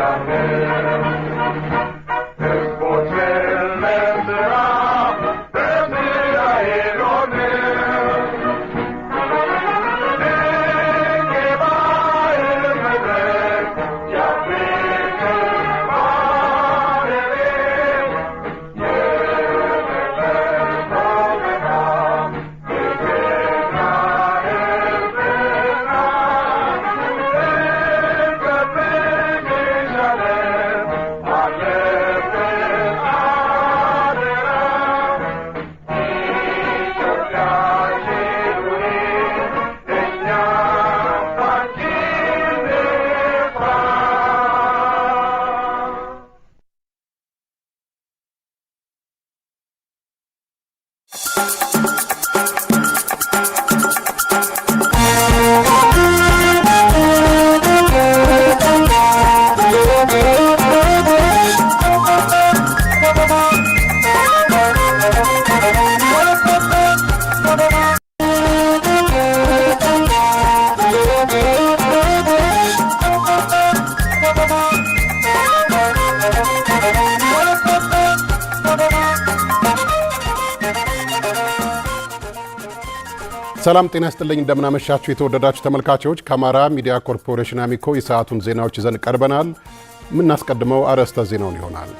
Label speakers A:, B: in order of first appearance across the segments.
A: Amen. ሰላም ጤና ይስጥልኝ። እንደምናመሻችሁ የተወደዳችሁ ተመልካቾች፣ ከአማራ ሚዲያ ኮርፖሬሽን አሚኮ የሰዓቱን ዜናዎች ይዘን ቀርበናል። የምናስቀድመው አርዕስተ ዜናውን ይሆናል።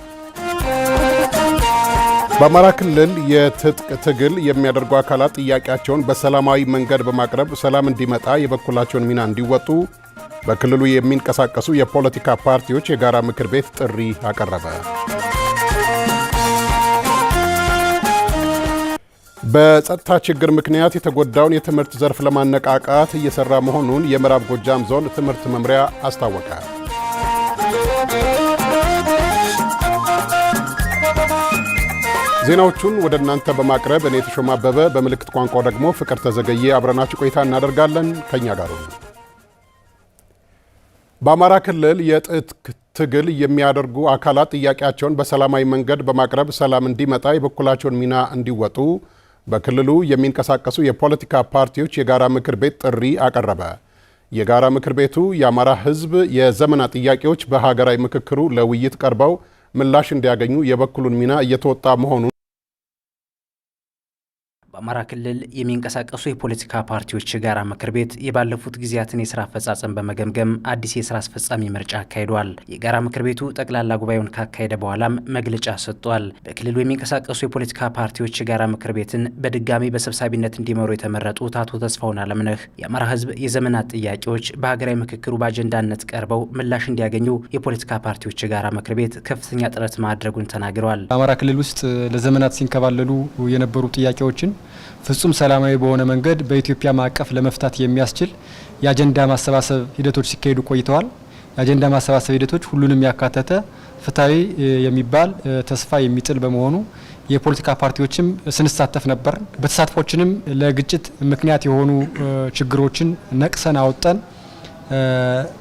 A: በአማራ ክልል የትጥቅ ትግል የሚያደርጉ አካላት ጥያቄያቸውን በሰላማዊ መንገድ በማቅረብ ሰላም እንዲመጣ የበኩላቸውን ሚና እንዲወጡ በክልሉ የሚንቀሳቀሱ የፖለቲካ ፓርቲዎች የጋራ ምክር ቤት ጥሪ አቀረበ። በጸጥታ ችግር ምክንያት የተጎዳውን የትምህርት ዘርፍ ለማነቃቃት እየሰራ መሆኑን የምዕራብ ጎጃም ዞን ትምህርት መምሪያ አስታወቀ። ዜናዎቹን ወደ እናንተ በማቅረብ እኔ ተሾማ አበበ፣ በምልክት ቋንቋው ደግሞ ፍቅር ተዘገየ አብረናችሁ ቆይታ እናደርጋለን። ከኛ ጋር በአማራ ክልል የትጥቅ ትግል የሚያደርጉ አካላት ጥያቄያቸውን በሰላማዊ መንገድ በማቅረብ ሰላም እንዲመጣ የበኩላቸውን ሚና እንዲወጡ በክልሉ የሚንቀሳቀሱ የፖለቲካ ፓርቲዎች የጋራ ምክር ቤት ጥሪ አቀረበ። የጋራ ምክር ቤቱ የአማራ ሕዝብ የዘመናት ጥያቄዎች በሀገራዊ ምክክሩ ለውይይት ቀርበው ምላሽ እንዲያገኙ የበኩሉን ሚና እየተወጣ መሆኑን
B: በአማራ ክልል የሚንቀሳቀሱ የፖለቲካ ፓርቲዎች የጋራ ምክር ቤት የባለፉት ጊዜያትን የስራ አፈጻጸም በመገምገም አዲስ የስራ አስፈጻሚ ምርጫ አካሂዷል። የጋራ ምክር ቤቱ ጠቅላላ ጉባኤውን ካካሄደ በኋላም መግለጫ ሰጥቷል። በክልሉ የሚንቀሳቀሱ የፖለቲካ ፓርቲዎች የጋራ ምክር ቤትን በድጋሚ በሰብሳቢነት እንዲመሩ የተመረጡት አቶ ተስፋውን አለምነህ የአማራ ሕዝብ የዘመናት ጥያቄዎች በሀገራዊ ምክክሩ በአጀንዳነት ቀርበው ምላሽ እንዲያገኙ የፖለቲካ ፓርቲዎች የጋራ ምክር ቤት ከፍተኛ ጥረት ማድረጉን ተናግረዋል።
C: አማራ ክልል ውስጥ ለዘመናት ሲንከባለሉ የነበሩ ጥያቄዎችን ፍጹም ሰላማዊ በሆነ መንገድ በኢትዮጵያ ማዕቀፍ ለመፍታት የሚያስችል የአጀንዳ ማሰባሰብ ሂደቶች ሲካሄዱ ቆይተዋል። የአጀንዳ ማሰባሰብ ሂደቶች ሁሉንም ያካተተ ፍትሐዊ የሚባል ተስፋ የሚጥል በመሆኑ የፖለቲካ ፓርቲዎችም ስንሳተፍ ነበር። በተሳትፎችንም ለግጭት ምክንያት የሆኑ ችግሮችን ነቅሰን አወጠን።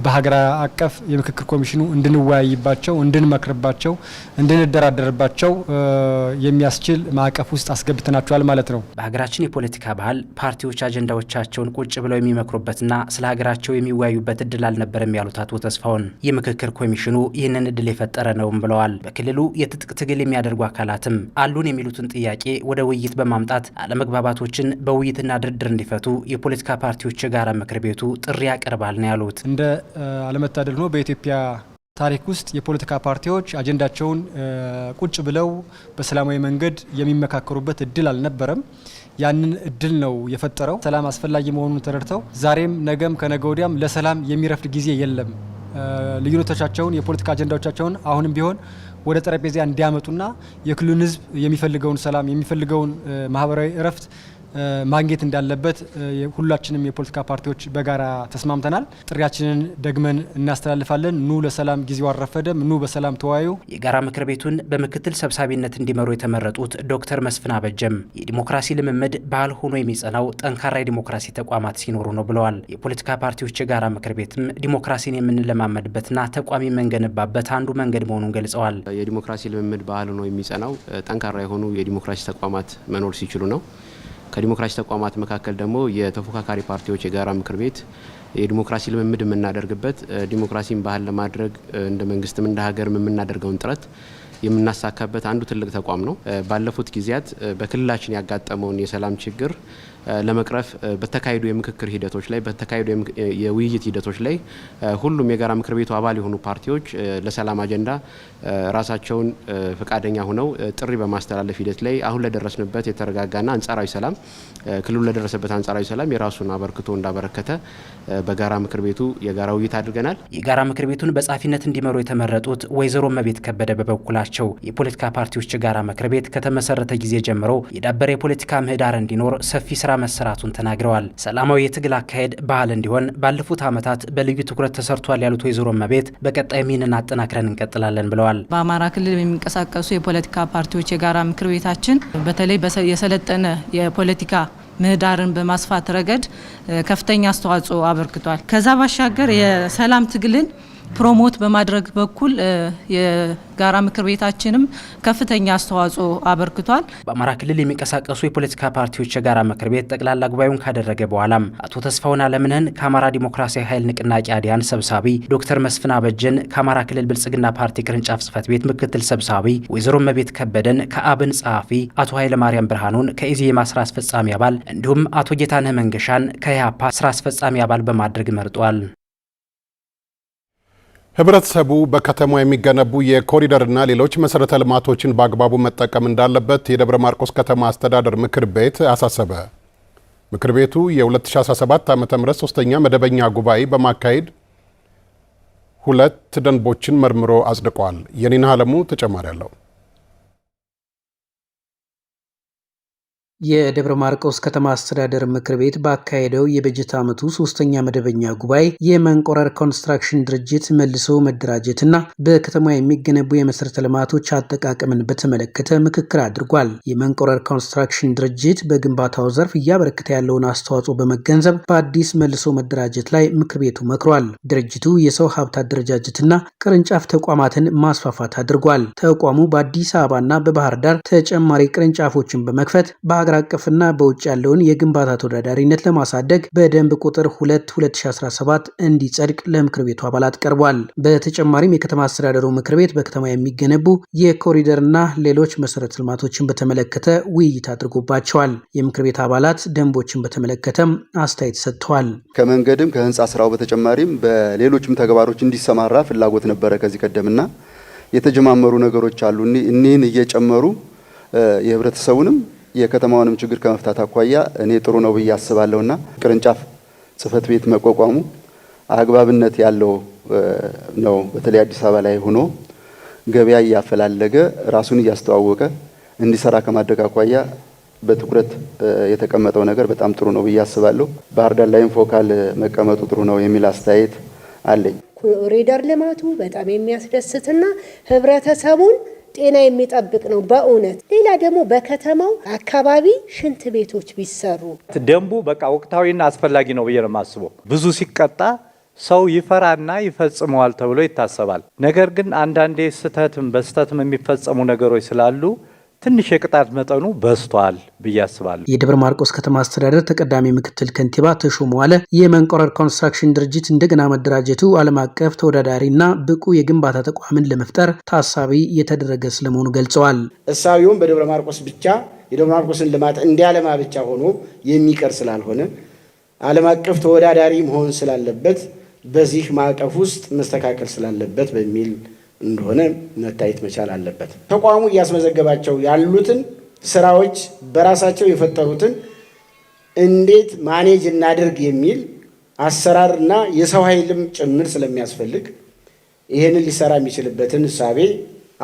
C: በሀገር አቀፍ የምክክር ኮሚሽኑ እንድንወያይባቸው፣ እንድንመክርባቸው፣ እንድንደራደርባቸው የሚያስችል ማዕቀፍ ውስጥ አስገብተናቸዋል ማለት ነው።
B: በሀገራችን የፖለቲካ ባህል ፓርቲዎች አጀንዳዎቻቸውን ቁጭ ብለው የሚመክሩበትና ስለ ሀገራቸው የሚወያዩበት እድል አልነበረም ያሉት አቶ ተስፋውን የምክክር ኮሚሽኑ ይህንን እድል የፈጠረ ነውም ብለዋል። በክልሉ የትጥቅ ትግል የሚያደርጉ አካላትም አሉን የሚሉትን ጥያቄ ወደ ውይይት በማምጣት አለመግባባቶችን በውይይትና ድርድር እንዲፈቱ የፖለቲካ ፓርቲዎች የጋራ ምክር ቤቱ ጥሪ ያቀርባል ነው ያሉት።
C: እንደ አለመታደል ነው በኢትዮጵያ ታሪክ ውስጥ የፖለቲካ ፓርቲዎች አጀንዳቸውን ቁጭ ብለው በሰላማዊ መንገድ የሚመካከሩበት እድል አልነበረም። ያንን እድል ነው የፈጠረው። ሰላም አስፈላጊ መሆኑን ተረድተው ዛሬም፣ ነገም፣ ከነገ ወዲያም ለሰላም የሚረፍድ ጊዜ የለም። ልዩነቶቻቸውን፣ የፖለቲካ አጀንዳዎቻቸውን አሁንም ቢሆን ወደ ጠረጴዛ እንዲያመጡና የክልሉን ሕዝብ የሚፈልገውን ሰላም የሚፈልገውን ማህበራዊ እረፍት ማግኘት እንዳለበት ሁላችንም የፖለቲካ ፓርቲዎች በጋራ ተስማምተናል። ጥሪያችንን ደግመን እናስተላልፋለን። ኑ ለሰላም ጊዜው አልረፈደም፣ ኑ በሰላም ተወያዩ።
B: የጋራ ምክር ቤቱን በምክትል ሰብሳቢነት እንዲመሩ የተመረጡት ዶክተር መስፍን አበጀም የዲሞክራሲ ልምምድ ባህል ሆኖ የሚጸናው ጠንካራ የዲሞክራሲ ተቋማት ሲኖሩ ነው ብለዋል። የፖለቲካ ፓርቲዎች የጋራ ምክር ቤትም ዲሞክራሲን የምንለማመድበትና ተቋም የምንገነባበት አንዱ መንገድ መሆኑን ገልጸዋል።
D: የዲሞክራሲ ልምምድ ባህል ሆኖ የሚጸናው ጠንካራ የሆኑ የዲሞክራሲ ተቋማት መኖር ሲችሉ ነው። ከዲሞክራሲ ተቋማት መካከል ደግሞ የተፎካካሪ ፓርቲዎች የጋራ ምክር ቤት የዲሞክራሲ ልምምድ የምናደርግበት ዲሞክራሲን ባህል ለማድረግ እንደ መንግስትም እንደ ሀገርም የምናደርገውን ጥረት የምናሳካበት አንዱ ትልቅ ተቋም ነው። ባለፉት ጊዜያት በክልላችን ያጋጠመውን የሰላም ችግር ለመቅረፍ በተካሄዱ የምክክር ሂደቶች ላይ በተካሄዱ የውይይት ሂደቶች ላይ ሁሉም የጋራ ምክር ቤቱ አባል የሆኑ ፓርቲዎች ለሰላም አጀንዳ ራሳቸውን ፈቃደኛ ሆነው ጥሪ በማስተላለፍ ሂደት ላይ አሁን ለደረስንበት የተረጋጋና አንጻራዊ ሰላም ክልሉ ለደረሰበት አንጻራዊ ሰላም የራሱን አበርክቶ እንዳበረከተ በጋራ ምክር ቤቱ የጋራ ውይይት አድርገናል።
B: የጋራ ምክር ቤቱን በጻፊነት እንዲመሩ የተመረጡት ወይዘሮ መቤት ከበደ በበኩላቸው ናቸው። የፖለቲካ ፓርቲዎች የጋራ ምክር ቤት ከተመሰረተ ጊዜ ጀምሮ የዳበረ የፖለቲካ ምህዳር እንዲኖር ሰፊ ስራ መሰራቱን ተናግረዋል። ሰላማዊ የትግል አካሄድ ባህል እንዲሆን ባለፉት ዓመታት በልዩ ትኩረት ተሰርቷል ያሉት ወይዘሮ መቤት በቀጣይ ሚንን አጠናክረን እንቀጥላለን ብለዋል።
E: በአማራ ክልል የሚንቀሳቀሱ የፖለቲካ ፓርቲዎች የጋራ ምክር ቤታችን በተለይ የሰለጠነ የፖለቲካ ምህዳርን በማስፋት ረገድ ከፍተኛ አስተዋጽኦ አበርክቷል። ከዛ ባሻገር የሰላም ትግልን ፕሮሞት በማድረግ በኩል የጋራ ምክር ቤታችንም ከፍተኛ አስተዋጽኦ አበርክቷል።
B: በአማራ ክልል የሚንቀሳቀሱ የፖለቲካ ፓርቲዎች የጋራ ምክር ቤት ጠቅላላ ጉባኤውን ካደረገ በኋላም አቶ ተስፋውን አለምነህን ከአማራ ዲሞክራሲያዊ ኃይል ንቅናቄ አዲያን ሰብሳቢ፣ ዶክተር መስፍን አበጀን ከአማራ ክልል ብልጽግና ፓርቲ ቅርንጫፍ ጽህፈት ቤት ምክትል ሰብሳቢ፣ ወይዘሮ መቤት ከበደን ከአብን ጸሐፊ፣ አቶ ማርያም ብርሃኑን ከኢዜማ ስራ አስፈጻሚ አባል እንዲሁም አቶ ጌታነህ መንገሻን ከኢህአፓ ስራ አስፈጻሚ አባል በማድረግ መርጧል።
A: ህብረተሰቡ በከተማ የሚገነቡ የኮሪደርና ሌሎች መሰረተ ልማቶችን በአግባቡ መጠቀም እንዳለበት የደብረ ማርቆስ ከተማ አስተዳደር ምክር ቤት አሳሰበ። ምክር ቤቱ የ2017 ዓ ም ሶስተኛ መደበኛ ጉባኤ በማካሄድ ሁለት ደንቦችን መርምሮ አጽድቋል። የኒና አለሙ ተጨማሪ አለው።
B: የደብረ ማርቆስ ከተማ አስተዳደር ምክር ቤት ባካሄደው የበጀት ዓመቱ ሶስተኛ መደበኛ ጉባኤ የመንቆረር ኮንስትራክሽን ድርጅት መልሶ መደራጀትና በከተማ የሚገነቡ የመሠረተ ልማቶች አጠቃቀምን በተመለከተ ምክክር አድርጓል። የመንቆረር ኮንስትራክሽን ድርጅት በግንባታው ዘርፍ እያበረከተ ያለውን አስተዋጽኦ በመገንዘብ በአዲስ መልሶ መደራጀት ላይ ምክር ቤቱ መክሯል። ድርጅቱ የሰው ሀብት አደረጃጀትና ቅርንጫፍ ተቋማትን ማስፋፋት አድርጓል። ተቋሙ በአዲስ አበባና በባህር ዳር ተጨማሪ ቅርንጫፎችን በመክፈት በሀገር አቀፍና በውጭ ያለውን የግንባታ ተወዳዳሪነት ለማሳደግ በደንብ ቁጥር 2 2017 እንዲጸድቅ ለምክር ቤቱ አባላት ቀርቧል። በተጨማሪም የከተማ አስተዳደሩ ምክር ቤት በከተማ የሚገነቡ የኮሪደርና ሌሎች መሰረተ ልማቶችን በተመለከተ ውይይት አድርጎባቸዋል። የምክር ቤት አባላት ደንቦችን በተመለከተም አስተያየት ሰጥተዋል።
F: ከመንገድም ከህንፃ ስራው በተጨማሪም በሌሎችም ተግባሮች እንዲሰማራ ፍላጎት ነበረ ከዚህ ቀደምና የተጀማመሩ ነገሮች አሉ። እኒህን እየጨመሩ የህብረተሰቡንም የከተማውንም ችግር ከመፍታት አኳያ እኔ ጥሩ ነው ብዬ አስባለሁና ቅርንጫፍ ጽህፈት ቤት መቋቋሙ አግባብነት ያለው ነው። በተለይ አዲስ አበባ ላይ ሆኖ ገበያ እያፈላለገ ራሱን እያስተዋወቀ እንዲሰራ ከማድረግ አኳያ በትኩረት የተቀመጠው ነገር በጣም ጥሩ ነው ብዬ አስባለሁ። ባህር ዳር ላይም ፎካል መቀመጡ ጥሩ ነው የሚል አስተያየት አለኝ።
G: ኮሪደር ልማቱ በጣም የሚያስደስትና ህብረተሰቡን ጤና የሚጠብቅ ነው በእውነት። ሌላ ደግሞ በከተማው አካባቢ ሽንት ቤቶች ቢሰሩ
H: ደንቡ በቃ ወቅታዊና አስፈላጊ ነው ብዬ ነው የማስበው። ብዙ ሲቀጣ ሰው ይፈራና ይፈጽመዋል ተብሎ ይታሰባል። ነገር ግን አንዳንዴ ስህተትም በስህተትም የሚፈጸሙ ነገሮች ስላሉ ትንሽ የቅጣት መጠኑ በዝቷል ብዬ አስባለሁ።
B: የደብረ ማርቆስ ከተማ አስተዳደር ተቀዳሚ ምክትል ከንቲባ ተሾመ ዋለ የመንቆረር ኮንስትራክሽን ድርጅት እንደገና መደራጀቱ ዓለም አቀፍ ተወዳዳሪና ብቁ የግንባታ ተቋምን ለመፍጠር ታሳቢ የተደረገ ስለመሆኑ ገልጸዋል።
I: እሳቢውም በደብረ ማርቆስ ብቻ የደብረ ማርቆስን ልማት እንዲያለማ ብቻ ሆኖ የሚቀር ስላልሆነ ዓለም አቀፍ ተወዳዳሪ መሆን ስላለበት በዚህ ማዕቀፍ ውስጥ መስተካከል ስላለበት በሚል እንደሆነ መታየት መቻል አለበት። ተቋሙ እያስመዘገባቸው ያሉትን ስራዎች በራሳቸው የፈጠሩትን እንዴት ማኔጅ እናድርግ የሚል አሰራርና የሰው ኃይልም ጭምር ስለሚያስፈልግ ይህንን ሊሰራ የሚችልበትን እሳቤ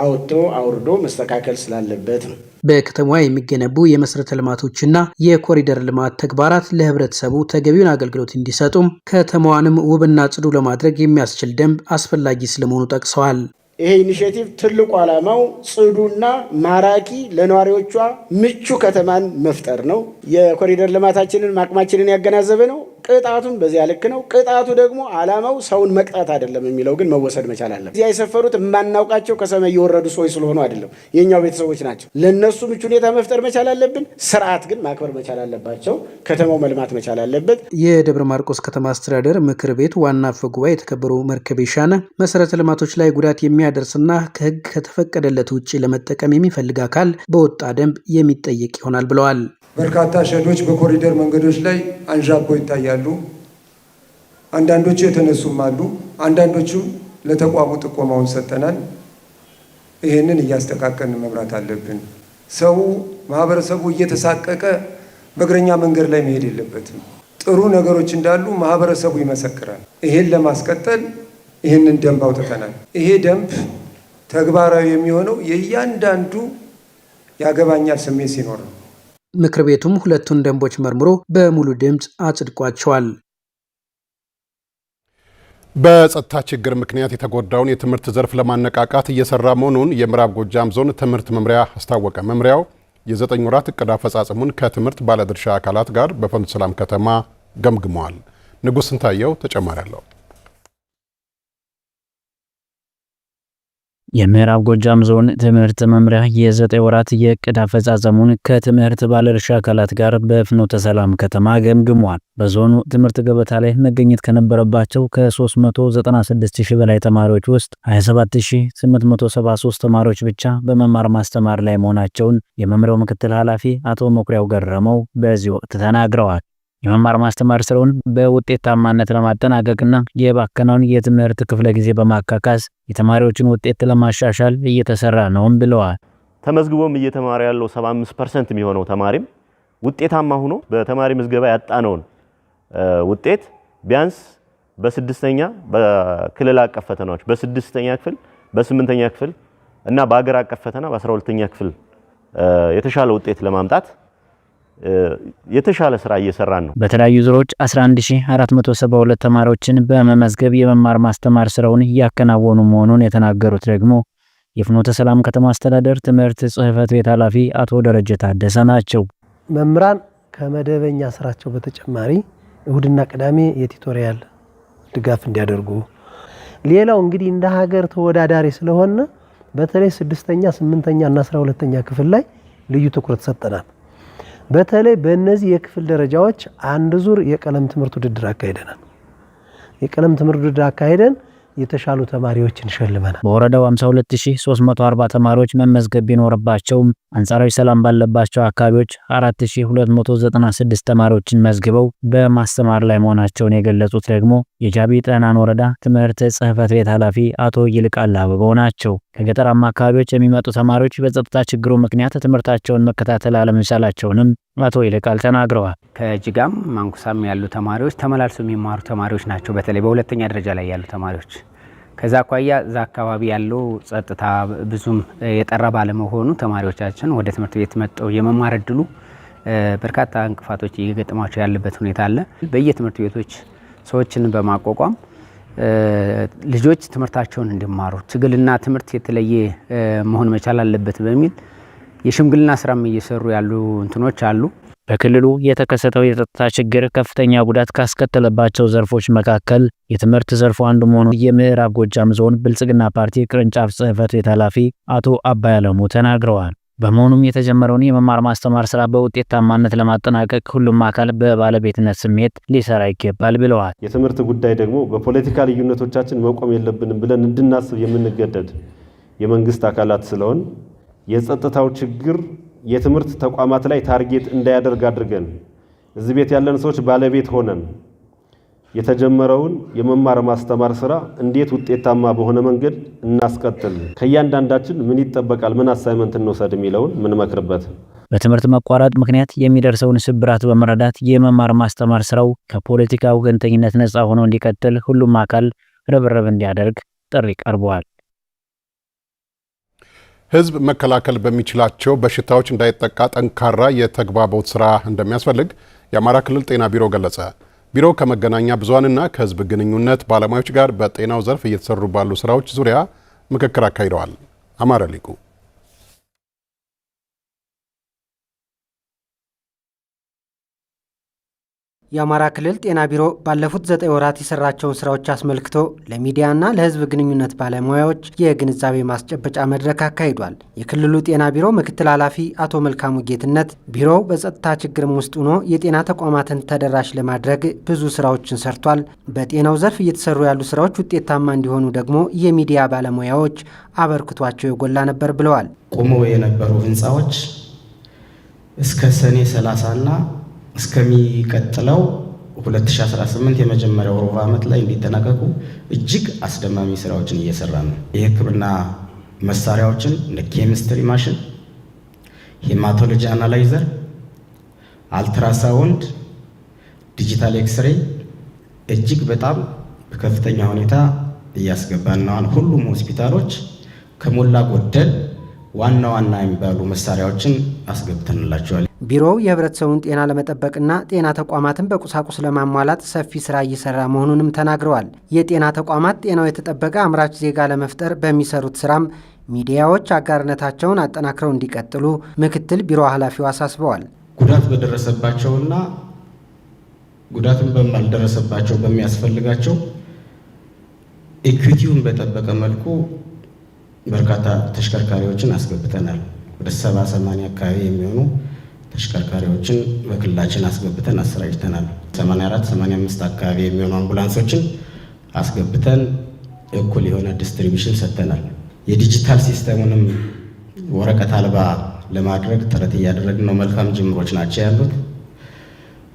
I: አውጥቶ አውርዶ መስተካከል ስላለበት ነው።
B: በከተማዋ የሚገነቡ የመሰረተ ልማቶችና የኮሪደር ልማት ተግባራት ለህብረተሰቡ ተገቢውን አገልግሎት እንዲሰጡም ከተማዋንም ውብና ጽዱ ለማድረግ የሚያስችል ደንብ አስፈላጊ ስለመሆኑ ጠቅሰዋል።
I: ይሄ ኢኒሽቲቭ ትልቁ ዓላማው ጽዱና ማራኪ ለነዋሪዎቿ ምቹ ከተማን መፍጠር ነው። የኮሪደር ልማታችንን አቅማችንን ያገናዘበ ነው። ቅጣቱም በዚያ ልክ ነው። ቅጣቱ ደግሞ አላማው ሰውን መቅጣት አይደለም የሚለው ግን መወሰድ መቻል አለ። እዚያ የሰፈሩት የማናውቃቸው ከሰማይ የወረዱ ሰዎች ስለሆኑ አይደለም፣ የእኛው ቤተሰቦች ናቸው። ለእነሱ ምቹ ሁኔታ መፍጠር መቻል አለብን። ስርዓት ግን ማክበር መቻል አለባቸው። ከተማው መልማት መቻል አለበት።
B: የደብረ ማርቆስ ከተማ አስተዳደር ምክር ቤት ዋና አፈ ጉባኤ የተከበሩ ሻነ መሰረተ ልማቶች ላይ ጉዳት የሚያደርስና ከህግ ከተፈቀደለት ውጭ ለመጠቀም የሚፈልግ አካል በወጣ ደንብ የሚጠየቅ ይሆናል ብለዋል።
J: በርካታ ሸዶች በኮሪደር መንገዶች ላይ አንዣቦ ይታያሉ። አንዳንዶቹ የተነሱም አሉ። አንዳንዶቹም ለተቋሙ ጥቆማውን ሰጠናል። ይህንን እያስተካከልን መምራት አለብን። ሰው ማህበረሰቡ እየተሳቀቀ በእግረኛ መንገድ ላይ መሄድ የለበትም። ጥሩ ነገሮች እንዳሉ ማህበረሰቡ ይመሰክራል። ይሄን ለማስቀጠል ይህንን ደንብ አውጥተናል። ይሄ ደንብ ተግባራዊ የሚሆነው የእያንዳንዱ ያገባኛል ስሜት ሲኖር ነው።
B: ምክር ቤቱም ሁለቱን ደንቦች መርምሮ በሙሉ ድምፅ አጽድቋቸዋል።
A: በጸጥታ ችግር ምክንያት የተጎዳውን የትምህርት ዘርፍ ለማነቃቃት እየሰራ መሆኑን የምዕራብ ጎጃም ዞን ትምህርት መምሪያ አስታወቀ። መምሪያው የዘጠኝ ወራት እቅድ አፈጻጸሙን ከትምህርት ባለድርሻ አካላት ጋር በፍኖተ ሰላም ከተማ ገምግመዋል። ንጉሥ ስንታየው ተጨማሪ አለው።
B: የምዕራብ ጎጃም ዞን ትምህርት መምሪያ የዘጠኝ ወራት የእቅድ አፈጻጸሙን ከትምህርት ባለድርሻ አካላት ጋር በፍኖተ ሰላም ከተማ ገምግሟል። በዞኑ ትምህርት ገበታ ላይ መገኘት ከነበረባቸው ከ396 ሺህ በላይ ተማሪዎች ውስጥ 27873 ተማሪዎች ብቻ በመማር ማስተማር ላይ መሆናቸውን የመምሪያው ምክትል ኃላፊ አቶ መኩሪያው ገረመው በዚህ ወቅት ተናግረዋል። የመማር ማስተማር ስራውን በውጤታማነት ለማጠናቀቅና የባከናውን የትምህርት ክፍለ ጊዜ በማካካስ የተማሪዎችን ውጤት ለማሻሻል እየተሰራ ነውም ብለዋል።
K: ተመዝግቦም እየተማረ ያለው 75% የሚሆነው ተማሪም ውጤታማ ሆኖ በተማሪ ምዝገባ ያጣነውን ውጤት ቢያንስ በስድስተኛ በክልል አቀፍ ፈተናዎች በስድስተኛ ክፍል በስምንተኛ ክፍል እና በአገር አቀፍ ፈተና 12 ሁለተኛ ክፍል የተሻለ ውጤት ለማምጣት የተሻለ ስራ እየሰራን ነው።
B: በተለያዩ ዙሮች 11472 ተማሪዎችን በመመዝገብ የመማር ማስተማር ስራውን እያከናወኑ መሆኑን የተናገሩት ደግሞ የፍኖተ ሰላም ከተማ አስተዳደር ትምህርት ጽህፈት ቤት ኃላፊ አቶ ደረጀ ታደሰ ናቸው።
L: መምህራን ከመደበኛ ስራቸው በተጨማሪ እሁድና ቅዳሜ የቲቶሪያል ድጋፍ እንዲያደርጉ፣ ሌላው እንግዲህ እንደ ሀገር ተወዳዳሪ ስለሆነ በተለይ ስድስተኛ ስምንተኛ እና አስራ ሁለተኛ ክፍል ላይ ልዩ ትኩረት ሰጠናል። በተለይ በእነዚህ የክፍል ደረጃዎች አንድ ዙር የቀለም ትምህርት ውድድር አካሄደናል። የቀለም ትምህርት ውድድር አካሄደን የተሻሉ ተማሪዎችን ሸልመናል።
B: በወረዳው 52340 ተማሪዎች መመዝገብ ቢኖርባቸውም አንጻራዊ ሰላም ባለባቸው አካባቢዎች 4296 ተማሪዎችን መዝግበው በማስተማር ላይ መሆናቸውን የገለጹት ደግሞ የጃቢ ጠህናን ወረዳ ትምህርት ጽህፈት ቤት ኃላፊ አቶ ይልቃል አበበው ናቸው። ከገጠራማ አካባቢዎች የሚመጡ ተማሪዎች በጸጥታ ችግሩ ምክንያት ትምህርታቸውን መከታተል አለመቻላቸውንም መቶ ይልቃል ተናግረዋል።
M: ከጅጋም ማንኩሳም ያሉ ተማሪዎች ተመላልሶ የሚማሩ ተማሪዎች ናቸው። በተለይ በሁለተኛ ደረጃ ላይ ያሉ ተማሪዎች ከዛ አኳያ እዛ አካባቢ ያለው ጸጥታ ብዙም የጠራ ባለመሆኑ ተማሪዎቻችን ወደ ትምህርት ቤት መጠው የመማር እድሉ በርካታ እንቅፋቶች እየገጠማቸው ያለበት ሁኔታ አለ። በየትምህርት ቤቶች ሰዎችን በማቋቋም ልጆች ትምህርታቸውን እንዲማሩ ትግልና ትምህርት የተለየ መሆን መቻል አለበት በሚል የሽምግልና ስራም እየሰሩ ያሉ እንትኖች አሉ።
B: በክልሉ የተከሰተው የጸጥታ ችግር ከፍተኛ ጉዳት ካስከተለባቸው ዘርፎች መካከል የትምህርት ዘርፉ አንዱ መሆኑ የምዕራብ ጎጃም ዞን ብልጽግና ፓርቲ ቅርንጫፍ ጽህፈት ቤት ኃላፊ አቶ አባይ አለሙ ተናግረዋል። በመሆኑም የተጀመረውን የመማር ማስተማር ስራ በውጤታማነት ለማጠናቀቅ ሁሉም አካል በባለቤትነት ስሜት ሊሰራ ይገባል ብለዋል።
N: የትምህርት ጉዳይ ደግሞ በፖለቲካ ልዩነቶቻችን መቆም የለብንም ብለን እንድናስብ የምንገደድ የመንግስት አካላት ስለሆን የጸጥታው ችግር የትምህርት ተቋማት ላይ ታርጌት እንዳያደርግ አድርገን እዚህ ቤት ያለን ሰዎች ባለቤት ሆነን የተጀመረውን የመማር ማስተማር ስራ እንዴት ውጤታማ በሆነ መንገድ እናስቀጥል፣ ከእያንዳንዳችን ምን ይጠበቃል፣ ምን አሳይመንት እንውሰድ የሚለውን ምንመክርበት
B: በትምህርት መቋረጥ ምክንያት የሚደርሰውን ስብራት በመረዳት የመማር ማስተማር ስራው ከፖለቲካ ወገንተኝነት ነፃ ሆኖ እንዲቀጥል ሁሉም አካል ርብርብ እንዲያደርግ ጥሪ ቀርበዋል።
A: ህዝብ መከላከል በሚችላቸው በሽታዎች እንዳይጠቃ ጠንካራ የተግባቦት ስራ እንደሚያስፈልግ የአማራ ክልል ጤና ቢሮ ገለጸ። ቢሮው ከመገናኛ ብዙሃንና ከህዝብ ግንኙነት ባለሙያዎች ጋር በጤናው ዘርፍ እየተሰሩ ባሉ ስራዎች ዙሪያ ምክክር አካሂደዋል። አማረ ሊቁ
B: የአማራ ክልል ጤና ቢሮ ባለፉት ዘጠኝ ወራት የሰራቸውን ስራዎች አስመልክቶ ለሚዲያና ለሕዝብ ግንኙነት ባለሙያዎች የግንዛቤ ማስጨበጫ መድረክ አካሂዷል። የክልሉ ጤና ቢሮ ምክትል ኃላፊ አቶ መልካሙ ጌትነት ቢሮው በጸጥታ ችግርም ውስጥ ሆኖ የጤና ተቋማትን ተደራሽ ለማድረግ ብዙ ስራዎችን ሰርቷል። በጤናው ዘርፍ እየተሰሩ ያሉ ስራዎች ውጤታማ እንዲሆኑ ደግሞ የሚዲያ ባለሙያዎች አበርክቷቸው የጎላ ነበር ብለዋል።
O: ቆመው የነበሩ ህንፃዎች እስከ ሰኔ 30 ና እስከሚቀጥለው 2018 የመጀመሪያው ሩብ ዓመት ላይ እንዲጠናቀቁ እጅግ አስደማሚ ስራዎችን እየሰራ ነው። የህክምና መሳሪያዎችን እንደ ኬሚስትሪ ማሽን፣ ሄማቶሎጂ አናላይዘር፣ አልትራሳውንድ፣ ዲጂታል ኤክስሬ እጅግ በጣም በከፍተኛ ሁኔታ እያስገባን ነው። ሁሉም ሆስፒታሎች ከሞላ ጎደል ዋና ዋና የሚባሉ መሳሪያዎችን አስገብተንላቸዋል።
B: ቢሮው የህብረተሰቡን ጤና ለመጠበቅና ጤና ተቋማትን በቁሳቁስ ለማሟላት ሰፊ ስራ እየሰራ መሆኑንም ተናግረዋል። የጤና ተቋማት ጤናው የተጠበቀ አምራች ዜጋ ለመፍጠር በሚሰሩት ስራም ሚዲያዎች አጋርነታቸውን አጠናክረው እንዲቀጥሉ ምክትል ቢሮ ኃላፊው አሳስበዋል።
O: ጉዳት በደረሰባቸውና ጉዳትን በማልደረሰባቸው በሚያስፈልጋቸው ኢኩዊቲውን በጠበቀ መልኩ በርካታ ተሽከርካሪዎችን አስገብተናል። ወደ ሰባ ሰማንያ አካባቢ የሚሆኑ ተሽከርካሪዎችን በክልላችን አስገብተን አሰራጭተናል። 84 85 አካባቢ የሚሆኑ አምቡላንሶችን አስገብተን እኩል የሆነ ዲስትሪቢሽን ሰጥተናል። የዲጂታል ሲስተሙንም ወረቀት አልባ ለማድረግ ጥረት እያደረግን ነው። መልካም ጅምሮች ናቸው ያሉት።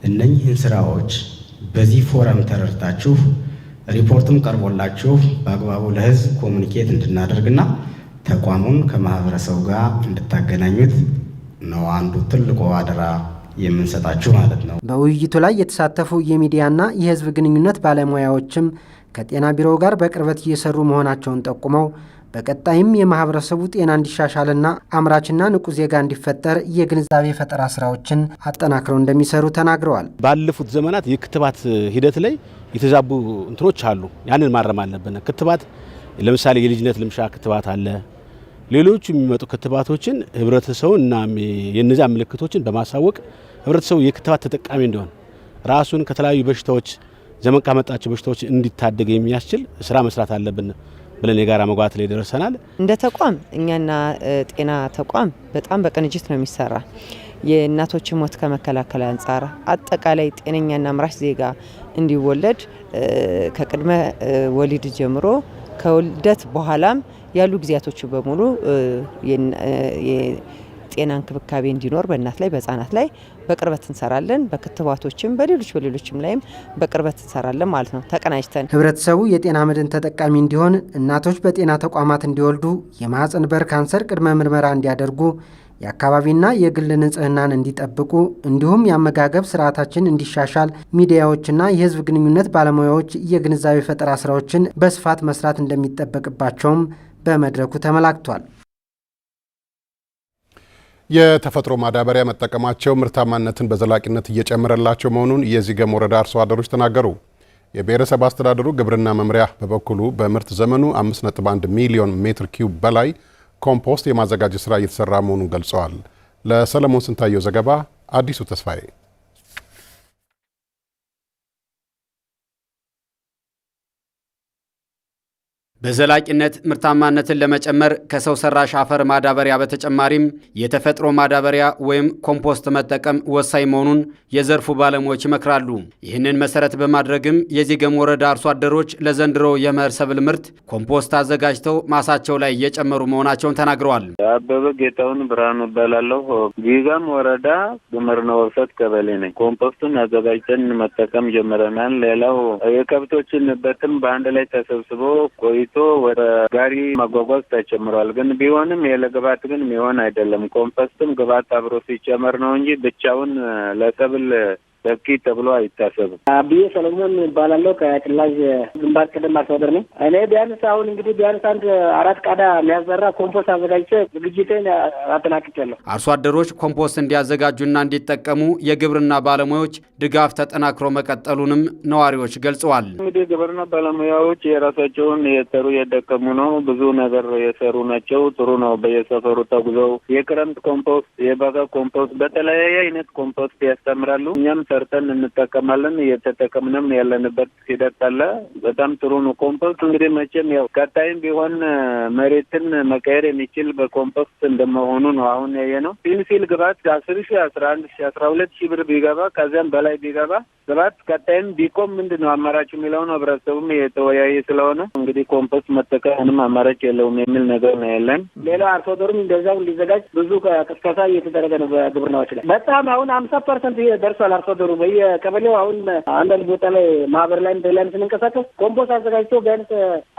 O: እነኚህን ስራዎች በዚህ ፎረም ተረድታችሁ ሪፖርትም ቀርቦላችሁ በአግባቡ ለህዝብ ኮሚኒኬት እንድናደርግና ተቋሙን ከማህበረሰቡ ጋር እንድታገናኙት ነው አንዱ ትልቁ አደራ የምንሰጣችሁ ማለት ነው።
B: በውይይቱ ላይ የተሳተፉ የሚዲያና የህዝብ ግንኙነት ባለሙያዎችም ከጤና ቢሮ ጋር በቅርበት እየሰሩ መሆናቸውን ጠቁመው በቀጣይም የማህበረሰቡ ጤና እንዲሻሻልና አምራችና ንቁ ዜጋ እንዲፈጠር የግንዛቤ ፈጠራ ስራዎችን አጠናክረው እንደሚሰሩ ተናግረዋል።
K: ባለፉት ዘመናት የክትባት ሂደት ላይ የተዛቡ እንትኖች አሉ። ያንን ማረም አለብን። ክትባት ለምሳሌ የልጅነት ልምሻ ክትባት አለ። ሌሎቹ የሚመጡ ክትባቶችን ህብረተሰቡን እና የነዚ ምልክቶችን በማሳወቅ ህብረተሰቡ የክትባት ተጠቃሚ እንዲሆን ራሱን ከተለያዩ በሽታዎች ዘመን ካመጣቸው በሽታዎች እንዲታደግ የሚያስችል ስራ መስራት አለብን። ብለን የጋራ መግባት ላይ ደርሰናል።
P: እንደ ተቋም እኛና ጤና ተቋም በጣም በቅንጅት ነው የሚሰራ የእናቶችን ሞት ከመከላከል አንጻር አጠቃላይ ጤነኛና ምራሽ ዜጋ እንዲወለድ ከቅድመ ወሊድ ጀምሮ ከውልደት በኋላም ያሉ ጊዜያቶቹ በሙሉ የጤና እንክብካቤ እንዲኖር በእናት ላይ በህጻናት ላይ በቅርበት እንሰራለን። በክትባቶችም በሌሎች በሌሎችም ላይም በቅርበት እንሰራለን ማለት ነው። ተቀናጅተን
B: ህብረተሰቡ የጤና መድን ተጠቃሚ እንዲሆን እናቶች በጤና ተቋማት እንዲወልዱ፣ የማህፀን በር ካንሰር ቅድመ ምርመራ እንዲያደርጉ የአካባቢና የግል ንጽህናን እንዲጠብቁ እንዲሁም የአመጋገብ ስርዓታችን እንዲሻሻል ሚዲያዎችና የህዝብ ግንኙነት ባለሙያዎች የግንዛቤ ፈጠራ ስራዎችን በስፋት መስራት እንደሚጠበቅባቸውም በመድረኩ ተመላክቷል።
A: የተፈጥሮ ማዳበሪያ መጠቀማቸው ምርታማነትን በዘላቂነት እየጨመረላቸው መሆኑን የዚገም ወረዳ አርሶ አደሮች ተናገሩ። የብሔረሰብ አስተዳደሩ ግብርና መምሪያ በበኩሉ በምርት ዘመኑ 5.1 ሚሊዮን ሜትር ኪዩብ በላይ ኮምፖስት የማዘጋጀት ስራ እየተሰራ መሆኑን ገልጸዋል። ለሰለሞን ስንታየው ዘገባ አዲሱ ተስፋዬ
B: በዘላቂነት ምርታማነትን ለመጨመር ከሰው ሰራሽ አፈር ማዳበሪያ በተጨማሪም የተፈጥሮ ማዳበሪያ ወይም ኮምፖስት መጠቀም ወሳኝ መሆኑን የዘርፉ ባለሙያዎች ይመክራሉ። ይህንን መሰረት በማድረግም የዜገም ወረዳ አርሶ አደሮች ለዘንድሮ የመኸር ሰብል ምርት ኮምፖስት አዘጋጅተው ማሳቸው ላይ እየጨመሩ መሆናቸውን ተናግረዋል።
Q: አበበ ጌታውን ብርሃኑ እባላለሁ። ዚገም ወረዳ ግምርነ ወብሰት ቀበሌ ነኝ። ኮምፖስቱን አዘጋጅተን መጠቀም ጀምረናል። ሌላው የከብቶችን በትም በአንድ ላይ ተሰብስቦ ቆይ ተፈጭቶ ወደ ጋሪ መጓጓዝ ተጨምሯል። ግን ቢሆንም የለ ግን የሚሆን አይደለም። ኮምፐስትም ግባት አብሮ ሲጨመር ነው እንጂ ብቻውን ለሰብል በቂ ተብሎ አይታሰብም።
R: አብዬ ሰለሞን ይባላለሁ ከጭላዥ ግንባር ቀደም አስተዳደር ነኝ። እኔ ቢያንስ አሁን እንግዲህ ቢያንስ አንድ አራት ቃዳ የሚያዘራ ኮምፖስት አዘጋጅቼ ዝግጅቴን አጠናቅቄያለሁ።
B: አርሶ አደሮች ኮምፖስት እንዲያዘጋጁና እንዲጠቀሙ የግብርና ባለሙያዎች ድጋፍ ተጠናክሮ መቀጠሉንም ነዋሪዎች ገልጸዋል።
S: እንግዲህ ግብርና ባለሙያዎች የራሳቸውን የተሩ የደከሙ ነው ብዙ ነገር የሰሩ ናቸው። ጥሩ ነው። በየሰፈሩ ተጉዘው የክረምት ኮምፖስት፣ የበጋ ኮምፖስት፣ በተለያየ አይነት ኮምፖስት ያስተምራሉ እኛም ሰርተን እንጠቀማለን። እየተጠቀምንም ያለንበት ሂደት አለ። በጣም ጥሩ ነው። ኮምፖስት እንግዲህ መቼም ያው ቀጣይም ቢሆን መሬትን መቀየር የሚችል በኮምፖስት እንደመሆኑ ነው አሁን ያየ ነው። ፊልፊል ግባት አስር ሺ አስራ አንድ ሺ አስራ ሁለት ሺ ብር ቢገባ ከዚያም በላይ ቢገባ ግባት ቀጣይም ቢቆም ምንድን ነው አማራጭ ነው። ህብረተሰቡም የተወያየ ስለሆነ እንግዲህ ኮምፖስት መጠቀም ምንም አማራጭ የለውም የሚል ነገር ነው ያለን።
T: ሌላ አርሶ አደሩም እንደዚያው እንዲዘጋጅ ብዙ ቅስቀሳ እየተደረገ ነው። በግብርናዎች ላይ በጣም አሁን አምሳ ፐርሰንት ደርሷል አርሶ ነበሩ። በየቀበሌው አሁን አንዳንድ ቦታ ላይ ማህበር ላይ ላይ ስንንቀሳቀስ ኮምፖስት አዘጋጅቶ ቢያንስ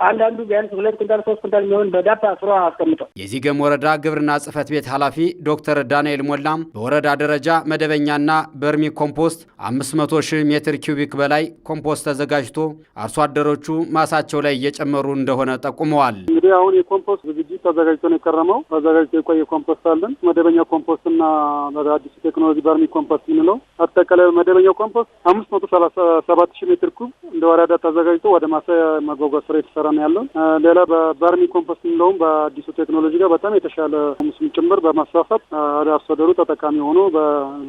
T: አንዳንዱ ቢያንስ ሁለት ኩንታል ሶስት ኩንታል የሚሆን በዳፕ አስሮ አስቀምጧል።
B: የዚገም ወረዳ ግብርና ጽህፈት ቤት ኃላፊ ዶክተር ዳንኤል ሞላም በወረዳ ደረጃ መደበኛና በርሚ ኮምፖስት አምስት መቶ ሺህ ሜትር ኪዩቢክ በላይ ኮምፖስት ተዘጋጅቶ አርሶ አደሮቹ ማሳቸው ላይ እየጨመሩ እንደሆነ ጠቁመዋል።
U: እንግዲህ አሁን የኮምፖስት ዝግጅት ተዘጋጅቶ ነው የከረመው። ተዘጋጅቶ የቆየ ኮምፖስት አለን። መደበኛ ኮምፖስትና አዲሱ ቴክኖሎጂ በርሚ ኮምፖስት የምንለው አጠቃላይ መደበኛው ኮምፖስት አምስት መቶ ሰላሳ ሰባት ሺህ ሜትር ኩብ እንደ ወረዳ ተዘጋጅቶ ወደ ማሳ መጓጓዝ ስራ የተሰራ ነው ያለው። ሌላ በበርሚ ኮምፖስት እንደውም በአዲሱ ቴክኖሎጂ ጋር በጣም የተሻለ ሙስም ጭምር በማስፋፋት ወደ አርሶ አደሩ ተጠቃሚ ሆኖ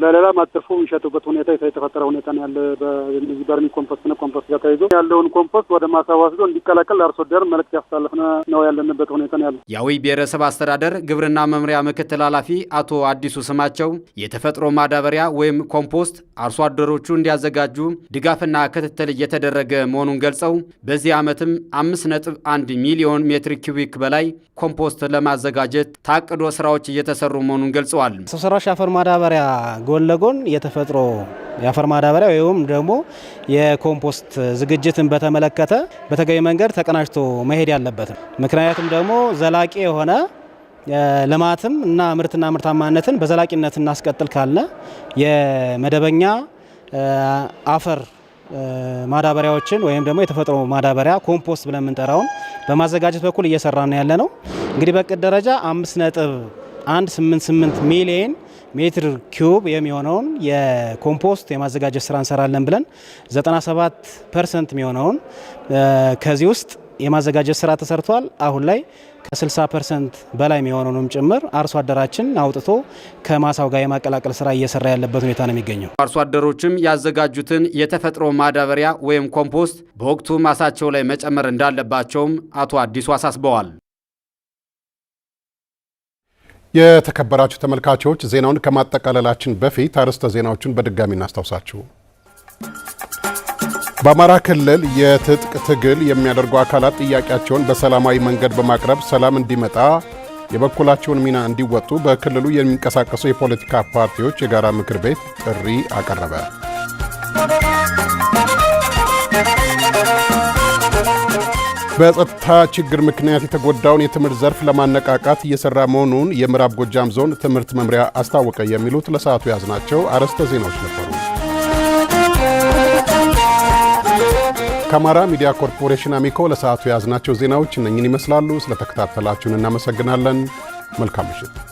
U: ለሌላ ማትርፎ የሚሸጡበት ሁኔታ የተፈጠረ ሁኔታ ነው ያለ። በዚህ በርሚ ኮምፖስት ነ ኮምፖስት ጋር ተይዞ ያለውን ኮምፖስት ወደ ማሳ ወስዶ እንዲቀላቀል ለአርሶ አደር መልእክት ያስተላለፍነ ነው ያለንበት ሁኔታ ነው ያለው።
B: የአዊ ብሔረሰብ አስተዳደር ግብርና መምሪያ ምክትል ኃላፊ አቶ አዲሱ ስማቸው የተፈጥሮ ማዳበሪያ ወይም ኮምፖስት አርሶ አደሮቹ እንዲያዘጋጁ ድጋፍና ክትትል እየተደረገ መሆኑን ገልጸው በዚህ ዓመትም 5.1 ሚሊዮን ሜትር ኪዩቢክ በላይ ኮምፖስት ለማዘጋጀት ታቅዶ ስራዎች እየተሰሩ መሆኑን ገልጸዋል።
V: ሰው ሰራሽ የአፈር ማዳበሪያ ጎን ለጎን የተፈጥሮ የአፈር ማዳበሪያ ወይም ደግሞ የኮምፖስት ዝግጅትን በተመለከተ በተገቢ መንገድ ተቀናጅቶ መሄድ ያለበትም ምክንያቱም ደግሞ ዘላቂ የሆነ ልማትም እና ምርትና ምርታማነትን በዘላቂነት እናስቀጥል ካለ የመደበኛ አፈር ማዳበሪያዎችን ወይም ደግሞ የተፈጥሮ ማዳበሪያ ኮምፖስት ብለን የምንጠራውን በማዘጋጀት በኩል እየሰራ ነው ያለ ነው። እንግዲህ በቅድ ደረጃ 5.188 ሚሊየን ሜትር ኪዩብ የሚሆነውን የኮምፖስት የማዘጋጀት ስራ እንሰራለን ብለን 97 ፐርሰንት የሚሆነውን ከዚህ ውስጥ የማዘጋጀት ስራ ተሰርቷል። አሁን ላይ ከ60 ፐርሰንት በላይ የሚሆነውንም ጭምር አርሶ አደራችን አውጥቶ ከማሳው ጋር የማቀላቀል ስራ እየሰራ ያለበት ሁኔታ ነው የሚገኘው።
B: አርሶ አደሮችም ያዘጋጁትን የተፈጥሮ ማዳበሪያ ወይም ኮምፖስት በወቅቱ ማሳቸው ላይ መጨመር እንዳለባቸውም አቶ አዲሱ አሳስበዋል።
A: የተከበራችሁ ተመልካቾች ዜናውን ከማጠቃለላችን በፊት አርዕስተ ዜናዎቹን በድጋሚ እናስታውሳችሁ። በአማራ ክልል የትጥቅ ትግል የሚያደርጉ አካላት ጥያቄያቸውን በሰላማዊ መንገድ በማቅረብ ሰላም እንዲመጣ የበኩላቸውን ሚና እንዲወጡ በክልሉ የሚንቀሳቀሱ የፖለቲካ ፓርቲዎች የጋራ ምክር ቤት ጥሪ አቀረበ። በጸጥታ ችግር ምክንያት የተጎዳውን የትምህርት ዘርፍ ለማነቃቃት እየሰራ መሆኑን የምዕራብ ጎጃም ዞን ትምህርት መምሪያ አስታወቀ። የሚሉት ለሰዓቱ የያዝናቸው አርዕስተ ዜናዎች ነበሩ። ከአማራ ሚዲያ ኮርፖሬሽን አሚኮ ለሰዓቱ የያዝናቸው ዜናዎች እነኝን ይመስላሉ። ስለተከታተላችሁን እናመሰግናለን። መልካም ምሽት።